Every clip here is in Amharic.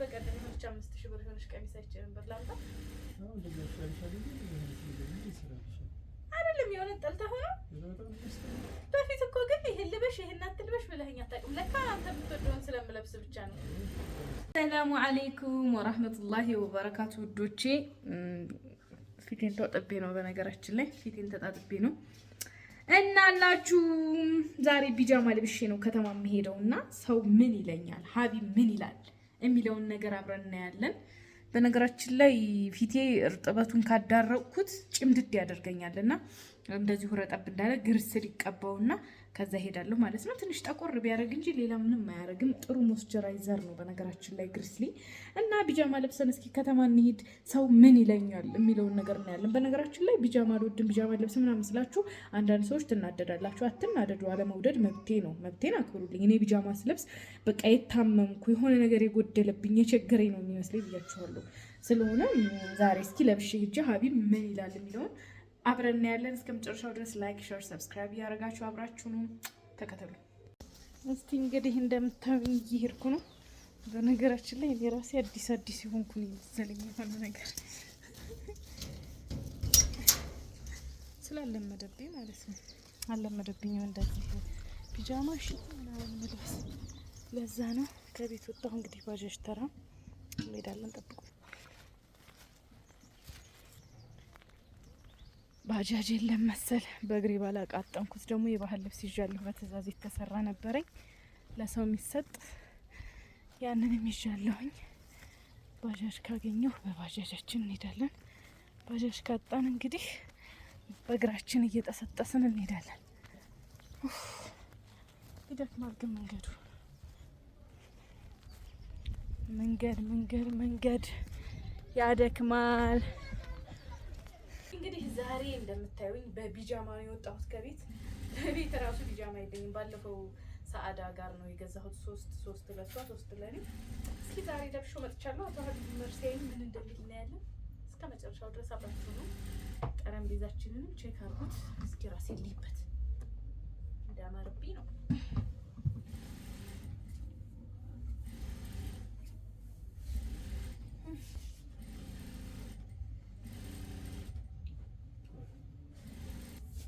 በቀደም ሆነች አምስት ሺህ አይደለም የሆነ ጠልታ ሆነ በፊት እኮ ግን ይህን ልበሽ ይህን አትልበሽ ብለኸኝ አታውቅም። ለካ አንተ የምትወደውን ስለምለብስ ብቻ ነው። ሰላሙ አለይኩም ወራህመቱላሂ ወበረካቱ ውዶቼ። ፊቴን ተጣጥቤ ነው በነገራችን ላይ ፊቴን ተጣጥቤ ነው እና ዛሬ ቢጃማ ልብሼ ነው ከተማ የምሄደው እና ሰው ምን ይለኛል፣ ሀቢ ምን ይላል የሚለውን ነገር አብረን እናያለን። በነገራችን ላይ ፊቴ እርጥበቱን ካዳረቅኩት ጭምድድ እና እንደዚሁ ረጠብ እንዳለ ግርስል ይቀባውና ከዛ ሄዳለሁ ማለት ነው። ትንሽ ጠቆር ቢያደርግ እንጂ ሌላ ምንም አያደርግም። ጥሩ ሞስቸራይዘር ነው በነገራችን ላይ ግሪስሊ። እና ቢጃማ ለብሰን እስኪ ከተማ እንሂድ ሰው ምን ይለኛል የሚለውን ነገር እናያለን። በነገራችን ላይ ቢጃማ አልወድም፣ ቢጃማ ልብስ ምናምን ስላችሁ አንዳንድ ሰዎች ትናደዳላችሁ። አትናደዱ። አለመውደድ መብቴ ነው። መብቴን አክብሩልኝ። እኔ ቢጃማ ስለብስ በቃ የታመምኩ የሆነ ነገር የጎደለብኝ የቸገረኝ ነው የሚመስለኝ ብያችኋለሁ። ስለሆነ ዛሬ እስኪ ለብሼ ሂጄ ሀቢብ ምን ይላል የሚለውን አብረን ያለን እስከ መጨረሻው ድረስ ላይክ፣ ሼር፣ ሰብስክራይብ እያደረጋችሁ አብራችሁኑ ተከተሉ። እስቲ እንግዲህ እንደምታዩኝ እየሄድኩ ነው። በነገራችን ላይ እኔ ራሴ አዲስ አዲስ የሆንኩን ይዘለኝ የሆነ ነገር ስላለመደብኝ ማለት ነው። አለመደብኝም እንደዚህ ፒጃማ ሽ ምናምን መልበስ ለዛ ነው ከቤት ወጣሁ። እንግዲህ ባጃጅ ተራ እንሄዳለን፣ ጠብቁ። ባጃጅ የለም መሰል በእግሬ ባላቃጠንኩት ደግሞ የባህል ልብስ ይዣለሁ። በትእዛዝ የተሰራ ነበረኝ ለሰው የሚሰጥ ያንንም ይዣለሁኝ። ባጃጅ ካገኘሁ በባጃጃችን እንሄዳለን። ባጃጅ ካጣን እንግዲህ በእግራችን እየጠሰጠስን እንሄዳለን። ይደክማል ግን መንገዱ መንገድ መንገድ መንገድ ያደክማል። እንግዲህ ዛሬ እንደምታዩኝ በቢጃማ ነው የወጣሁት ከቤት። በቤት ራሱ ቢጃማ የለኝም። ባለፈው ሰአዳ ጋር ነው የገዛሁት ሶስት ሶስት ለሷ ሶስት ለኔ። እስኪ ዛሬ ለብሾ መጥቻለሁ። አቶ ሀዲ መርሲያዊ ምን እንደሚል እናያለን። እስከ መጨረሻው ድረስ አብራችሁ ነው። ጠረጴዛችንንም ቼክ አርጉት እስኪ ራሴ ሊበ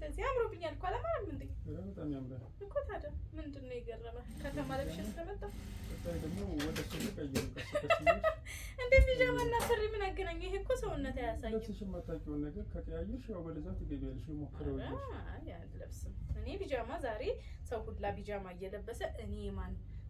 እንደዚህ አምሮብኛል እኮ አላማረም እንዴ? በጣም ያምራል እኮ ታዲያ ምንድን ነው የገረመህ? ከተማ ለብሼ ስለመጣሁ ደግሞ ወደ እሱ ቀይሩ። እንደ ፒጃማ እና ሱሪ ምን አገናኘ? ይሄ እኮ ሰውነት አያሳይም። የማታውቂውን ነገር ከቀያየሽ ያው በለዛ ትገቢያለሽ። ሞክረው አይ እኔ ፒጃማ ዛሬ ሰው ሁላ ቢጃማ እየለበሰ እኔ ማን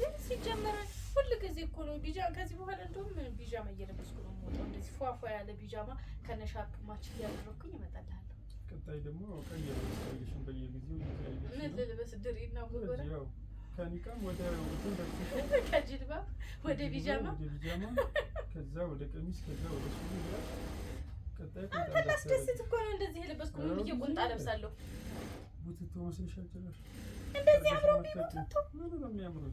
ግን ሲጀመር ሁሉ ጊዜ እኮ ነው ቢጃ ከዚህ በኋላ እንደውም ቢጃማ እየለበስኩ ነው የምወጣው። እንደዚህ ፏፏ ያለ ቢጃማ ከነሻርፕማች እያደረኩኝ እመጣልሃለሁ። ቀጣይ ደግሞ ቀየሽን በየጊዜው ምን ልልበስ ድሪና ጎበራ ከኒቃም ወደ ከጅልባ ወደ ቢጃማ ከዛ ወደ ቀሚስ ከዛ ወደ ሱ አንተ ላስደስት እኮ ነው እንደዚህ የለበስኩ ነው ብዬ ቁንጣ ለብሳለሁ። ቡትቶ መስልሻል እንደዚህ አምሮ ቢቡትቶ ምኑ ነው የሚያምረው?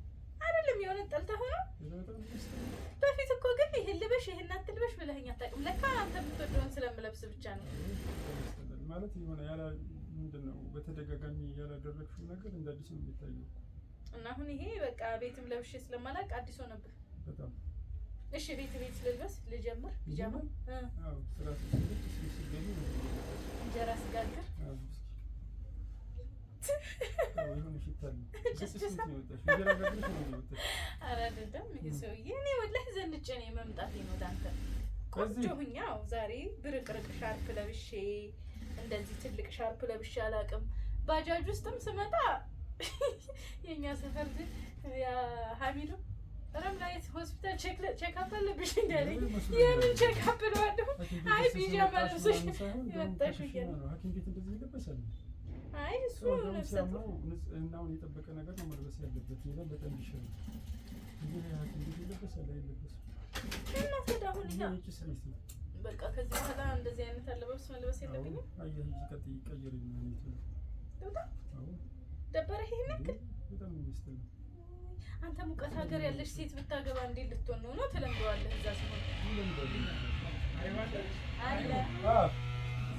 አይደለም የሆነ ጠልተህ ነው። በፊት እኮ ግን ይሄን ልበሽ ይሄን አትልበሽ ብለኸኝ አታውቅም። ለካ አንተ የምትወደውን ስለምለብስ ብቻ ነው ማለት የሆነ ያላ ምንድን ነው በተደጋጋሚ ያላደረግሽው ነገር እንደ አዲስ ነው የሚታየው። እና አሁን ይሄ በቃ ቤትም ለብሼ ስለማላቅ አዲስ ሆነብህ በጣም። እሺ ቤት ቤት ልልበስ ልጀምር ቢጃማ ዘንጬ ነው የመምጣት ነው ዛሬ ብርቅርቅ ሻርፕ ለብሼ እንደዚህ ትልቅ ሻርፕ ለብሼ አላውቅም። ባጃጅ ውስጥም ስመጣ የእኛ ሰፈር ግን ሀሚዱ ረምላይት ሆስፒታል ቼክ አፕ አለብሽ እንዳለኝ የምን ቼክ አፕ ነው አይ ቢጃማ ለብሰሽ የወጣሽ አይ እሱ የጠበቀ ነገር ነው መልበስ ያለበት። ሌላ በጣም ይሻላል። በቃ ከዚህ በኋላ እንደዚህ አንተ ሙቀት ሀገር ያለች ሴት ብታገባ እንዴት ልትሆን ነው? ነው ትለምደዋለህ እዛ ሲሆን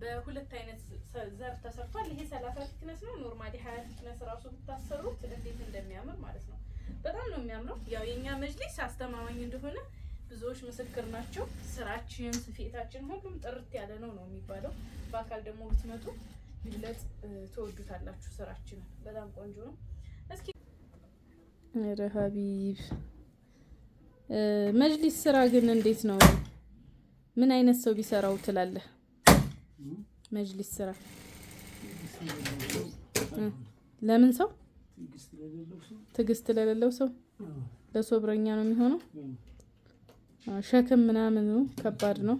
በሁለት አይነት ዘርፍ ተሰርቷል። ይሄ ሰላሳ ፊትነስ ነው። ኖርማሊ ሀያ ፊትነስ ራሱ ብታሰሩት እንዴት እንደሚያምር ማለት ነው። በጣም ነው የሚያምረው። ያው የኛ መጅሊስ አስተማማኝ እንደሆነ ብዙዎች ምስክር ናቸው። ስራችን፣ ስፌታችን ሁሉም ጥርት ያለ ነው ነው የሚባለው። በአካል ደግሞ ብትመጡ ይብለጥ ትወዱታላችሁ። ስራችንን በጣም ቆንጆ ነው። እስኪ ረሀቢብ መጅሊስ ስራ ግን እንዴት ነው? ምን አይነት ሰው ቢሰራው ትላለህ? መጅሊስ ስራ ለምን ሰው ትዕግስት ለሌለው ሰው ለሶብረኛ ነው የሚሆነው። ሸክም ምናምን ከባድ ነው።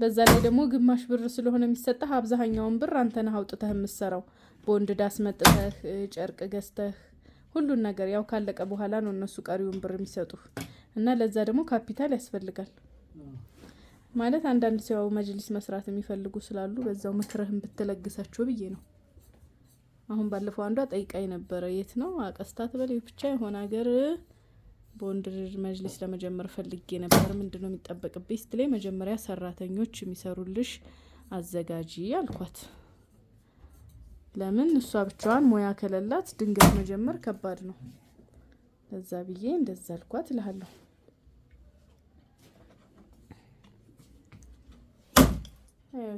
በዛ ላይ ደግሞ ግማሽ ብር ስለሆነ የሚሰጠህ አብዛኛውን ብር አንተ ነህ አውጥተህ የምትሰራው። ቦንድ ዳስ ዳስመጥተህ ጨርቅ ገዝተህ ሁሉን ነገር ያው ካለቀ በኋላ ነው እነሱ ቀሪውን ብር የሚሰጡህ እና ለዛ ደግሞ ካፒታል ያስፈልጋል። ማለት አንዳንድ ሰው መጅሊስ መስራት የሚፈልጉ ስላሉ በዛው ምክርህን ብትለግሳቸው ብዬ ነው። አሁን ባለፈው አንዷ ጠይቃኝ ነበረ። የት ነው አቀስታት በል ብቻ የሆነ ሀገር በወንድ መጅሊስ ለመጀመር ፈልጌ ነበር። ምንድን ነው የሚጠበቅብኝ ስትለኝ መጀመሪያ ሰራተኞች የሚሰሩልሽ አዘጋጂ አልኳት። ለምን እሷ ብቻዋን ሙያ ከሌላት ድንገት መጀመር ከባድ ነው። ለዛ ብዬ እንደዛ አልኳት እልሃለሁ።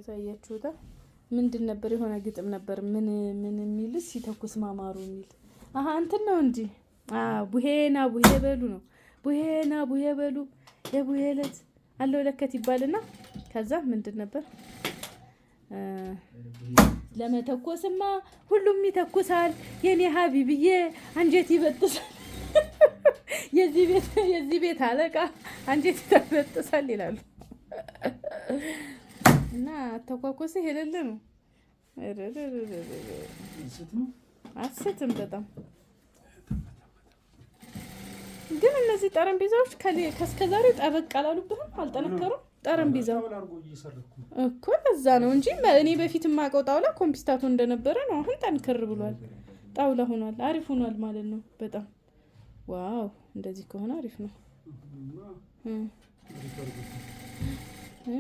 ታያችሁታ። ምንድን ነበር የሆነ ግጥም ነበር ምን ምን የሚል ሲተኩስ ማማሩ የሚል አሀ እንትን ነው እንጂ ቡሄና ቡሄ በሉ ነው ቡሄና ቡሄ በሉ የቡሄ ለት አለው ለከት ይባልና ከዛ ምንድን ነበር ለመተኮስማ ሁሉም ይተኩሳል የኔ ሀቢብዬ አንጀት ይበጥሳል የዚህ ቤት አለቃ አንጀት ይበጥሳል ይላሉ። እና አተኳኮሴ ሄለለ ነው። አስትም በጣም ግን እነዚህ ጠረጴዛዎች ከስከዛሬው ጠበቅ አላሉብህም? አልጠነከሩም? ጠረጴዛው እኮ ለዛ ነው እንጂ እኔ በፊት የማውቀው ጣውላ ኮምፒስታቶ እንደነበረ ነው። አሁን ጠንክር ብሏል፣ ጣውላ ሆኗል፣ አሪፍ ሆኗል ማለት ነው። በጣም ዋው! እንደዚህ ከሆነ አሪፍ ነው።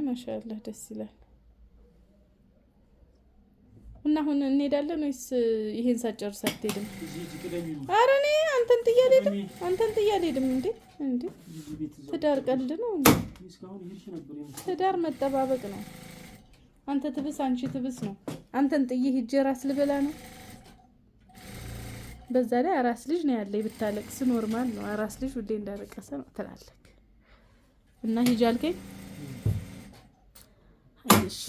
ማሻላህ ደስ ይላል። እና አሁን እንሄዳለን ወይስ ይሄን ሳጨርስ አትሄድም? ኧረ እኔ አንተን ጥዬ አልሄድም፣ አንተን ጥዬ አልሄድም። እንዴ እንዴ! ትዳር ቀልድ ነው እንዴ? ትዳር መጠባበቅ ነው። አንተ ትብስ፣ አንቺ ትብስ ነው። አንተን ጥዬ ሂጄ ራስ ልበላ ነው። በዛ ላይ አራስ ልጅ ነው ያለ። ብታለቅስ ኖርማል ነው። አራስ ልጅ ሁሌ እንዳለቀሰ ነው ትላለህ። እና ሂጅ አልከኝ። አይሽ